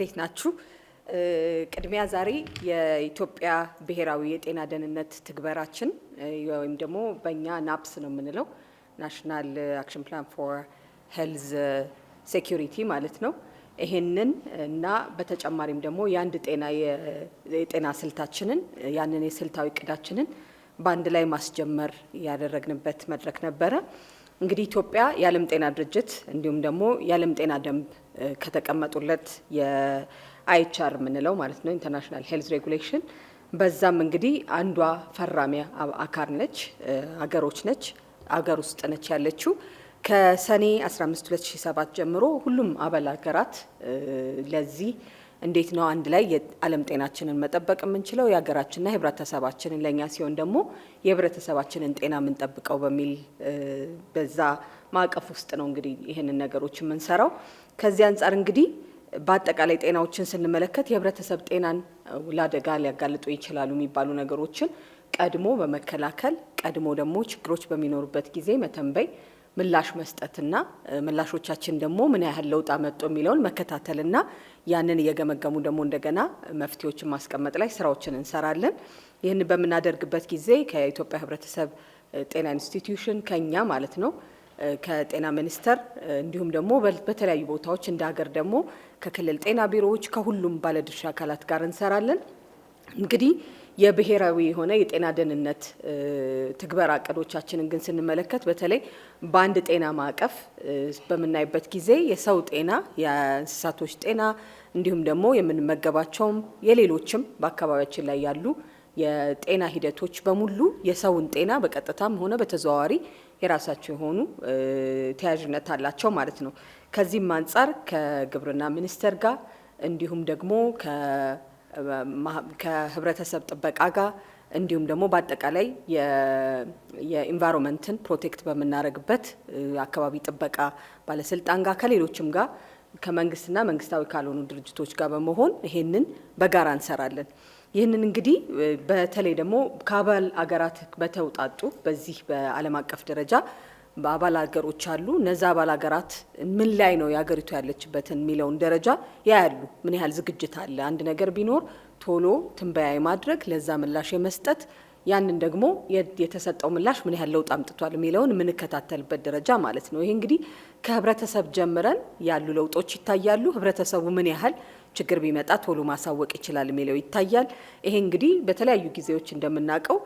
እንዴት ናችሁ? ቅድሚያ ዛሬ የኢትዮጵያ ብሔራዊ የጤና ደህንነት ትግበራችን ወይም ደግሞ በእኛ ናፕስ ነው የምንለው ናሽናል አክሽን ፕላን ፎር ሄልዝ ሴኪሪቲ ማለት ነው። ይሄንን እና በተጨማሪም ደግሞ የአንድ ጤና የጤና ስልታችንን ያንን የስልታዊ እቅዳችንን በአንድ ላይ ማስጀመር ያደረግንበት መድረክ ነበረ። እንግዲህ ኢትዮጵያ የዓለም ጤና ድርጅት እንዲሁም ደግሞ የዓለም ጤና ደንብ ከተቀመጡለት የአይቻር የምንለው ማለት ነው ኢንተርናሽናል ሄልዝ ሬጉሌሽን በዛም እንግዲህ አንዷ ፈራሚያ አካል ነች አገሮች ነች አገር ውስጥ ነች ያለችው። ከሰኔ 15 2007 ጀምሮ ሁሉም አባል ሀገራት ለዚህ እንዴት ነው አንድ ላይ የዓለም ጤናችንን መጠበቅ የምንችለው የሀገራችንና የህብረተሰባችንን ለእኛ ሲሆን ደግሞ የህብረተሰባችንን ጤና የምንጠብቀው በሚል በዛ ማዕቀፍ ውስጥ ነው እንግዲህ ይህንን ነገሮች የምንሰራው። ከዚህ አንጻር እንግዲህ በአጠቃላይ ጤናዎችን ስንመለከት የህብረተሰብ ጤናን ለአደጋ ሊያጋልጡ ይችላሉ የሚባሉ ነገሮችን ቀድሞ በመከላከል ቀድሞ ደግሞ ችግሮች በሚኖሩበት ጊዜ መተንበይ ምላሽ መስጠትና ምላሾቻችን ደግሞ ምን ያህል ለውጥ አመጡ የሚለውን መከታተልና ያንን እየገመገሙ ደግሞ እንደገና መፍትሄዎችን ማስቀመጥ ላይ ስራዎችን እንሰራለን። ይህን በምናደርግበት ጊዜ ከኢትዮጵያ ሕብረተሰብ ጤና ኢንስቲትዩሽን ከኛ ማለት ነው ከጤና ሚኒስቴር እንዲሁም ደግሞ በተለያዩ ቦታዎች እንደ ሀገር ደግሞ ከክልል ጤና ቢሮዎች ከሁሉም ባለድርሻ አካላት ጋር እንሰራለን። እንግዲህ የብሔራዊ የሆነ የጤና ደህንነት ትግበራ እቅዶቻችንን ግን ስንመለከት በተለይ በአንድ ጤና ማዕቀፍ በምናይበት ጊዜ የሰው ጤና፣ የእንስሳቶች ጤና እንዲሁም ደግሞ የምንመገባቸውም የሌሎችም በአካባቢያችን ላይ ያሉ የጤና ሂደቶች በሙሉ የሰውን ጤና በቀጥታም ሆነ በተዘዋዋሪ የራሳቸው የሆኑ ተያያዥነት አላቸው ማለት ነው። ከዚህም አንጻር ከግብርና ሚኒስቴር ጋር እንዲሁም ደግሞ ከህብረተሰብ ጥበቃ ጋር እንዲሁም ደግሞ በአጠቃላይ የኢንቫይሮንመንትን ፕሮቴክት በምናደርግበት አካባቢ ጥበቃ ባለስልጣን ጋር ከሌሎችም ጋር ከመንግስትና መንግስታዊ ካልሆኑ ድርጅቶች ጋር በመሆን ይሄንን በጋራ እንሰራለን። ይህንን እንግዲህ በተለይ ደግሞ ከአባል አገራት በተውጣጡ በዚህ በዓለም አቀፍ ደረጃ አባል ሀገሮች አሉ። እነዚ አባል ሀገራት ምን ላይ ነው የሀገሪቱ ያለችበትን የሚለውን ደረጃ ያያሉ። ምን ያህል ዝግጅት አለ? አንድ ነገር ቢኖር ቶሎ ትንበያ ማድረግ፣ ለዛ ምላሽ የመስጠት ያንን ደግሞ የተሰጠው ምላሽ ምን ያህል ለውጥ አምጥቷል የሚለውን የምንከታተልበት ደረጃ ማለት ነው። ይሄ እንግዲህ ከህብረተሰብ ጀምረን ያሉ ለውጦች ይታያሉ። ህብረተሰቡ ምን ያህል ችግር ቢመጣ ቶሎ ማሳወቅ ይችላል የሚለው ይታያል። ይሄ እንግዲህ በተለያዩ ጊዜዎች እንደምናውቀው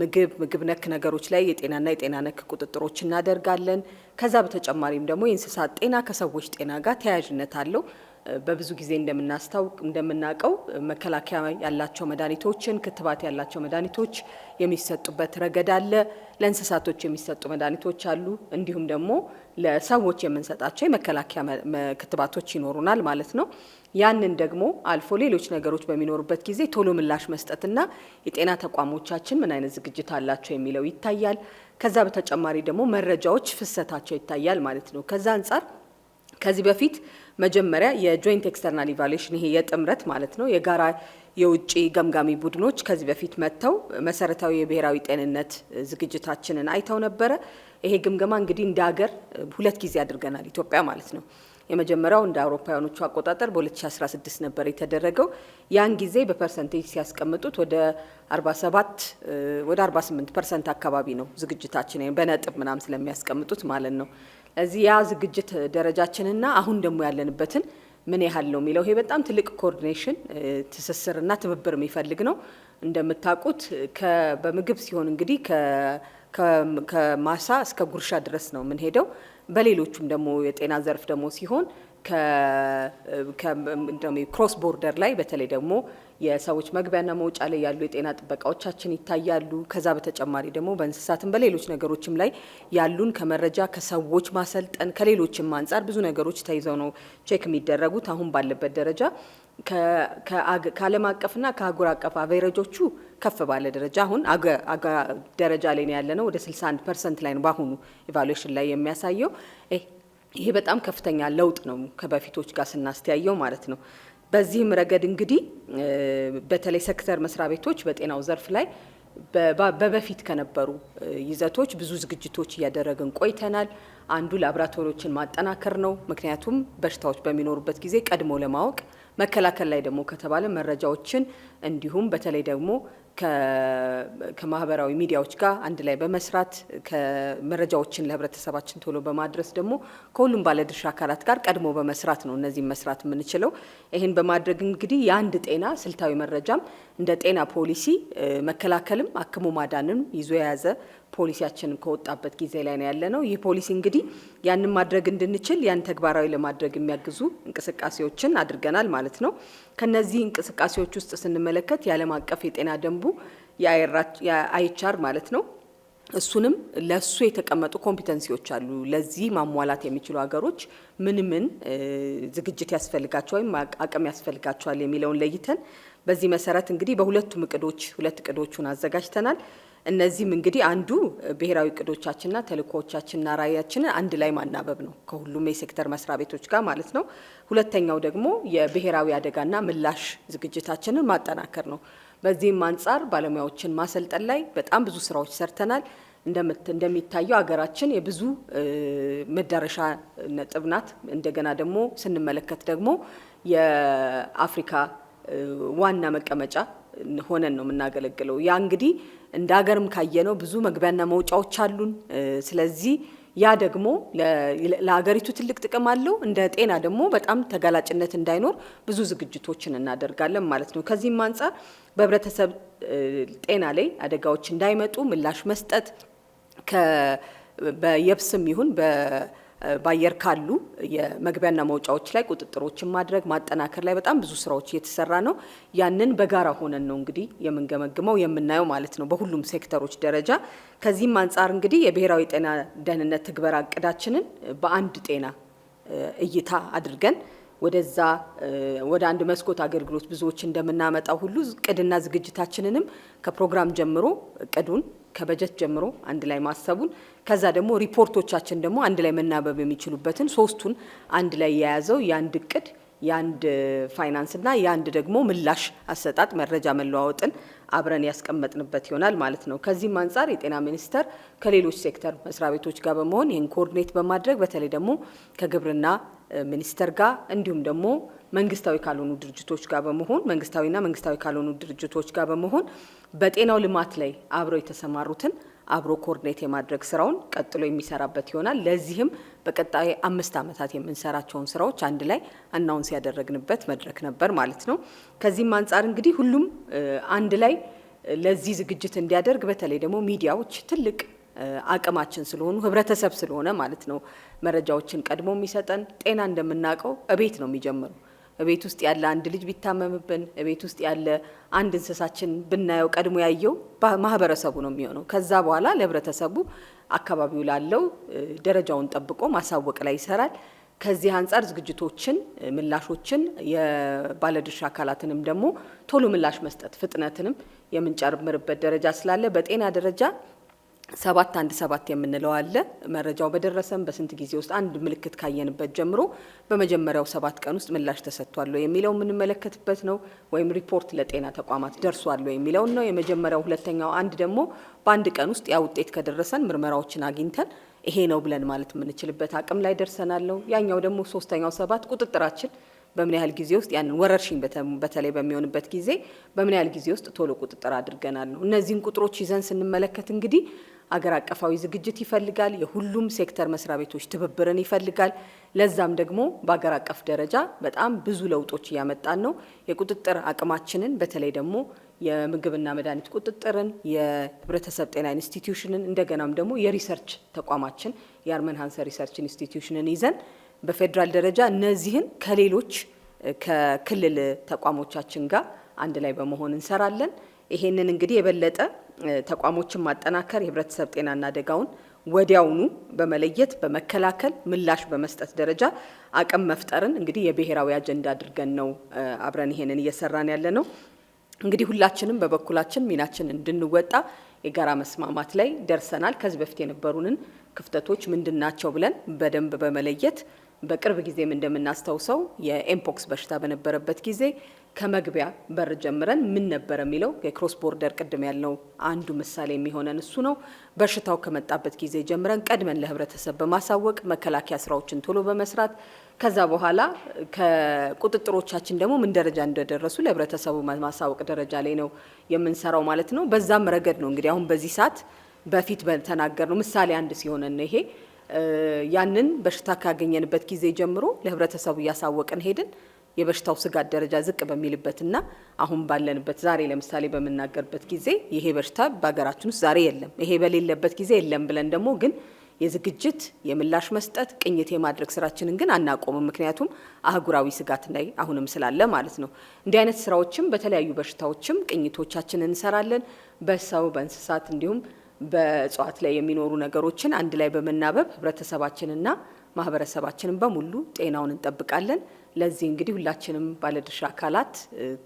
ምግብ ምግብ ነክ ነገሮች ላይ የጤናና የጤና ነክ ቁጥጥሮች እናደርጋለን። ከዛ በተጨማሪም ደግሞ የእንስሳት ጤና ከሰዎች ጤና ጋር ተያያዥነት አለው። በብዙ ጊዜ እንደምናስታውቅ እንደምናውቀው መከላከያ ያላቸው መድኃኒቶችን ክትባት ያላቸው መድኃኒቶች የሚሰጡበት ረገድ አለ። ለእንስሳቶች የሚሰጡ መድኃኒቶች አሉ። እንዲሁም ደግሞ ለሰዎች የምንሰጣቸው የመከላከያ ክትባቶች ይኖሩናል ማለት ነው። ያንን ደግሞ አልፎ ሌሎች ነገሮች በሚኖሩበት ጊዜ ቶሎ ምላሽ መስጠትና የጤና ተቋሞቻችን ምን አይነት ዝግጅት አላቸው የሚለው ይታያል። ከዛ በተጨማሪ ደግሞ መረጃዎች ፍሰታቸው ይታያል ማለት ነው። ከዛ አንጻር ከዚህ በፊት መጀመሪያ የጆይንት ኤክስተርናል ኢቫሉዌሽን ይሄ የጥምረት ማለት ነው የጋራ የውጭ ገምጋሚ ቡድኖች ከዚህ በፊት መጥተው መሰረታዊ የብሔራዊ ጤንነት ዝግጅታችንን አይተው ነበረ። ይሄ ግምገማ እንግዲህ እንደ ሀገር ሁለት ጊዜ አድርገናል ኢትዮጵያ ማለት ነው። የመጀመሪያው እንደ አውሮፓውያኖቹ አቆጣጠር በ2016 ነበር የተደረገው። ያን ጊዜ በፐርሰንቴጅ ሲያስቀምጡት ወደ 47 ወደ 48 ፐርሰንት አካባቢ ነው ዝግጅታችን በነጥብ ምናምን ስለሚያስቀምጡት ማለት ነው። እዚህ ያ ዝግጅት ደረጃችንና አሁን ደግሞ ያለንበትን ምን ያህል ነው የሚለው ይሄ በጣም ትልቅ ኮኦርዲኔሽን ትስስርና ትብብር የሚፈልግ ነው። እንደምታውቁት በምግብ ሲሆን እንግዲህ ከማሳ እስከ ጉርሻ ድረስ ነው የምንሄደው። በሌሎቹም ደግሞ የጤና ዘርፍ ደግሞ ሲሆን ክሮስ ቦርደር ላይ በተለይ ደግሞ የሰዎች መግቢያና መውጫ ላይ ያሉ የጤና ጥበቃዎቻችን ይታያሉ። ከዛ በተጨማሪ ደግሞ በእንስሳትም በሌሎች ነገሮችም ላይ ያሉን ከመረጃ ከሰዎች ማሰልጠን ከሌሎችም አንጻር ብዙ ነገሮች ተይዘው ነው ቼክ የሚደረጉት። አሁን ባለበት ደረጃ ከዓለም አቀፍና ከአህጉር አቀፍ አቬረጆቹ ከፍ ባለ ደረጃ አሁን ደረጃ ላይ ነው ያለነው ወደ 61 ፐርሰንት ላይ ነው በአሁኑ ኢቫሉዌሽን ላይ የሚያሳየው ይሄ በጣም ከፍተኛ ለውጥ ነው ከበፊቶች ጋር ስናስተያየው ማለት ነው። በዚህም ረገድ እንግዲህ በተለይ ሴክተር መስሪያ ቤቶች በጤናው ዘርፍ ላይ በበፊት ከነበሩ ይዘቶች ብዙ ዝግጅቶች እያደረግን ቆይተናል። አንዱ ላብራቶሪዎችን ማጠናከር ነው። ምክንያቱም በሽታዎች በሚኖሩበት ጊዜ ቀድሞ ለማወቅ መከላከል ላይ ደግሞ ከተባለ መረጃዎችን እንዲሁም በተለይ ደግሞ ከማህበራዊ ሚዲያዎች ጋር አንድ ላይ በመስራት መረጃዎችን ለህብረተሰባችን ቶሎ በማድረስ ደግሞ ከሁሉም ባለድርሻ አካላት ጋር ቀድሞ በመስራት ነው እነዚህም መስራት የምንችለው። ይህን በማድረግ እንግዲህ የአንድ ጤና ስልታዊ መረጃም እንደ ጤና ፖሊሲ መከላከልም አክሞ ማዳንም ይዞ የያዘ ፖሊሲያችንን ከወጣበት ጊዜ ላይ ነው ያለ ነው። ይህ ፖሊሲ እንግዲህ ያንን ማድረግ እንድንችል ያን ተግባራዊ ለማድረግ የሚያግዙ እንቅስቃሴዎችን አድርገናል ማለት ነው። ከነዚህ እንቅስቃሴዎች ውስጥ ስንመለከት የዓለም አቀፍ የጤና ደንቡ የአይቻር ማለት ነው። እሱንም ለሱ የተቀመጡ ኮምፒተንሲዎች አሉ። ለዚህ ማሟላት የሚችሉ ሀገሮች ምን ምን ዝግጅት ያስፈልጋቸው ወይም አቅም ያስፈልጋቸዋል የሚለውን ለይተን በዚህ መሰረት እንግዲህ በሁለቱም እቅዶች ሁለት እቅዶቹን አዘጋጅተናል። እነዚህም እንግዲህ አንዱ ብሔራዊ እቅዶቻችንና ተልእኮዎቻችንና ራዕያችንን አንድ ላይ ማናበብ ነው ከሁሉም የሴክተር መስሪያ ቤቶች ጋር ማለት ነው። ሁለተኛው ደግሞ የብሔራዊ አደጋና ምላሽ ዝግጅታችንን ማጠናከር ነው። በዚህም አንጻር ባለሙያዎችን ማሰልጠን ላይ በጣም ብዙ ስራዎች ሰርተናል። እንደሚታየው ሀገራችን የብዙ መዳረሻ ነጥብ ናት። እንደገና ደግሞ ስንመለከት ደግሞ የአፍሪካ ዋና መቀመጫ ሆነን ነው የምናገለግለው። ያ እንግዲህ እንደ ሀገርም ካየነው ብዙ መግቢያና መውጫዎች አሉን። ስለዚህ ያ ደግሞ ለሀገሪቱ ትልቅ ጥቅም አለው። እንደ ጤና ደግሞ በጣም ተጋላጭነት እንዳይኖር ብዙ ዝግጅቶችን እናደርጋለን ማለት ነው። ከዚህም አንጻር በህብረተሰብ ጤና ላይ አደጋዎች እንዳይመጡ ምላሽ መስጠት የብስም ይሁን በአየር ካሉ የመግቢያና መውጫዎች ላይ ቁጥጥሮችን ማድረግ ማጠናከር ላይ በጣም ብዙ ስራዎች እየተሰራ ነው። ያንን በጋራ ሆነን ነው እንግዲህ የምንገመግመው የምናየው ማለት ነው በሁሉም ሴክተሮች ደረጃ። ከዚህም አንጻር እንግዲህ የብሔራዊ ጤና ደህንነት ትግበራ እቅዳችንን በአንድ ጤና እይታ አድርገን ወደዛ ወደ አንድ መስኮት አገልግሎት ብዙዎች እንደምናመጣው ሁሉ እቅድና ዝግጅታችንንም ከፕሮግራም ጀምሮ እቅዱን ከበጀት ጀምሮ አንድ ላይ ማሰቡን ከዛ ደግሞ ሪፖርቶቻችን ደግሞ አንድ ላይ መናበብ የሚችሉበትን ሶስቱን አንድ ላይ የያዘው የአንድ እቅድ የአንድ ፋይናንስና የአንድ ደግሞ ምላሽ አሰጣጥ መረጃ መለዋወጥን አብረን ያስቀመጥንበት ይሆናል ማለት ነው። ከዚህም አንጻር የጤና ሚኒስቴር ከሌሎች ሴክተር መስሪያ ቤቶች ጋር በመሆን ይህን ኮኦርዲኔት በማድረግ በተለይ ደግሞ ከግብርና ሚኒስተር ጋር እንዲሁም ደግሞ መንግስታዊ ካልሆኑ ድርጅቶች ጋር በመሆን መንግስታዊና መንግስታዊ ካልሆኑ ድርጅቶች ጋር በመሆን በጤናው ልማት ላይ አብረው የተሰማሩትን አብሮ ኮርዲኔት የማድረግ ስራውን ቀጥሎ የሚሰራበት ይሆናል። ለዚህም በቀጣይ አምስት ዓመታት የምንሰራቸውን ስራዎች አንድ ላይ አናውንስ ያደረግንበት መድረክ ነበር ማለት ነው። ከዚህም አንጻር እንግዲህ ሁሉም አንድ ላይ ለዚህ ዝግጅት እንዲያደርግ በተለይ ደግሞ ሚዲያዎች ትልቅ አቅማችን ስለሆኑ ህብረተሰብ ስለሆነ ማለት ነው። መረጃዎችን ቀድሞ የሚሰጠን ጤና እንደምናውቀው እቤት ነው የሚጀምረው። እቤት ውስጥ ያለ አንድ ልጅ ቢታመምብን፣ እቤት ውስጥ ያለ አንድ እንስሳችን ብናየው ቀድሞ ያየው ማህበረሰቡ ነው የሚሆነው። ከዛ በኋላ ለህብረተሰቡ አካባቢው ላለው ደረጃውን ጠብቆ ማሳወቅ ላይ ይሰራል። ከዚህ አንጻር ዝግጅቶችን፣ ምላሾችን የባለድርሻ አካላትንም ደግሞ ቶሎ ምላሽ መስጠት ፍጥነትንም የምንጨምርበት ደረጃ ስላለ በጤና ደረጃ ሰባት አንድ ሰባት የምንለው አለ። መረጃው በደረሰን በስንት ጊዜ ውስጥ አንድ ምልክት ካየንበት ጀምሮ በመጀመሪያው ሰባት ቀን ውስጥ ምላሽ ተሰጥቷል የሚለው የምንመለከትበት ነው። ወይም ሪፖርት ለጤና ተቋማት ደርሷል የሚለውን ነው የመጀመሪያው። ሁለተኛው አንድ ደግሞ በአንድ ቀን ውስጥ ያ ውጤት ከደረሰን ምርመራዎችን አግኝተን ይሄ ነው ብለን ማለት የምንችልበት አቅም ላይ ደርሰናለው። ያኛው ደግሞ ሶስተኛው ሰባት ቁጥጥራችን በምን ያህል ጊዜ ውስጥ ያንን ወረርሽኝ በተለይ በሚሆንበት ጊዜ በምን ያህል ጊዜ ውስጥ ቶሎ ቁጥጥር አድርገናል ነው። እነዚህን ቁጥሮች ይዘን ስንመለከት እንግዲህ አገር አቀፋዊ ዝግጅት ይፈልጋል። የሁሉም ሴክተር መስሪያ ቤቶች ትብብርን ይፈልጋል። ለዛም ደግሞ በአገር አቀፍ ደረጃ በጣም ብዙ ለውጦች እያመጣን ነው። የቁጥጥር አቅማችንን በተለይ ደግሞ የምግብና መድኃኒት ቁጥጥርን፣ የህብረተሰብ ጤና ኢንስቲትዩሽንን እንደገናም ደግሞ የሪሰርች ተቋማችን የአርመን ሃንሰ ሪሰርች ኢንስቲትዩሽንን ይዘን በፌዴራል ደረጃ እነዚህን ከሌሎች ከክልል ተቋሞቻችን ጋር አንድ ላይ በመሆን እንሰራለን። ይሄንን እንግዲህ የበለጠ ተቋሞችን ማጠናከር የህብረተሰብ ጤናና አደጋውን ወዲያውኑ በመለየት በመከላከል ምላሽ በመስጠት ደረጃ አቅም መፍጠርን እንግዲህ የብሔራዊ አጀንዳ አድርገን ነው አብረን ይሄንን እየሰራን ያለ ነው። እንግዲህ ሁላችንም በበኩላችን ሚናችን እንድንወጣ የጋራ መስማማት ላይ ደርሰናል። ከዚህ በፊት የነበሩንን ክፍተቶች ምንድን ናቸው ብለን በደንብ በመለየት በቅርብ ጊዜም እንደምናስታውሰው የኤምፖክስ በሽታ በነበረበት ጊዜ ከመግቢያ በር ጀምረን ምን ነበር የሚለው የክሮስ ቦርደር ቅድም ያለው አንዱ ምሳሌ የሚሆነን እሱ ነው። በሽታው ከመጣበት ጊዜ ጀምረን ቀድመን ለህብረተሰብ በማሳወቅ መከላከያ ስራዎችን ቶሎ በመስራት ከዛ በኋላ ከቁጥጥሮቻችን ደግሞ ምን ደረጃ እንደደረሱ ለህብረተሰቡ ማሳወቅ ደረጃ ላይ ነው የምንሰራው ማለት ነው። በዛም ረገድ ነው እንግዲህ አሁን በዚህ ሰዓት በፊት በተናገር ነው ምሳሌ አንድ ሲሆነን ይሄ ያንን በሽታ ካገኘንበት ጊዜ ጀምሮ ለህብረተሰቡ እያሳወቅን ሄድን። የበሽታው ስጋት ደረጃ ዝቅ በሚልበትና አሁን ባለንበት ዛሬ ለምሳሌ በምናገርበት ጊዜ ይሄ በሽታ በሀገራችን ውስጥ ዛሬ የለም፣ ይሄ በሌለበት ጊዜ የለም ብለን ደግሞ ግን የዝግጅት የምላሽ መስጠት ቅኝት የማድረግ ስራችንን ግን አናቆምም። ምክንያቱም አህጉራዊ ስጋት ላይ አሁንም ስላለ ማለት ነው። እንዲህ አይነት ስራዎችም በተለያዩ በሽታዎችም ቅኝቶቻችን እንሰራለን በሰው በእንስሳት እንዲሁም በእጽዋት ላይ የሚኖሩ ነገሮችን አንድ ላይ በመናበብ ህብረተሰባችንና ማህበረሰባችንን በሙሉ ጤናውን እንጠብቃለን። ለዚህ እንግዲህ ሁላችንም ባለድርሻ አካላት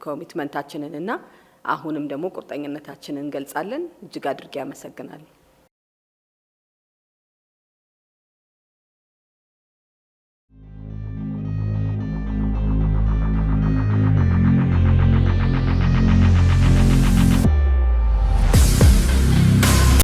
ኮሚትመንታችንንና አሁንም ደግሞ ቁርጠኝነታችንን እንገልጻለን። እጅግ አድርጌ አመሰግናለሁ።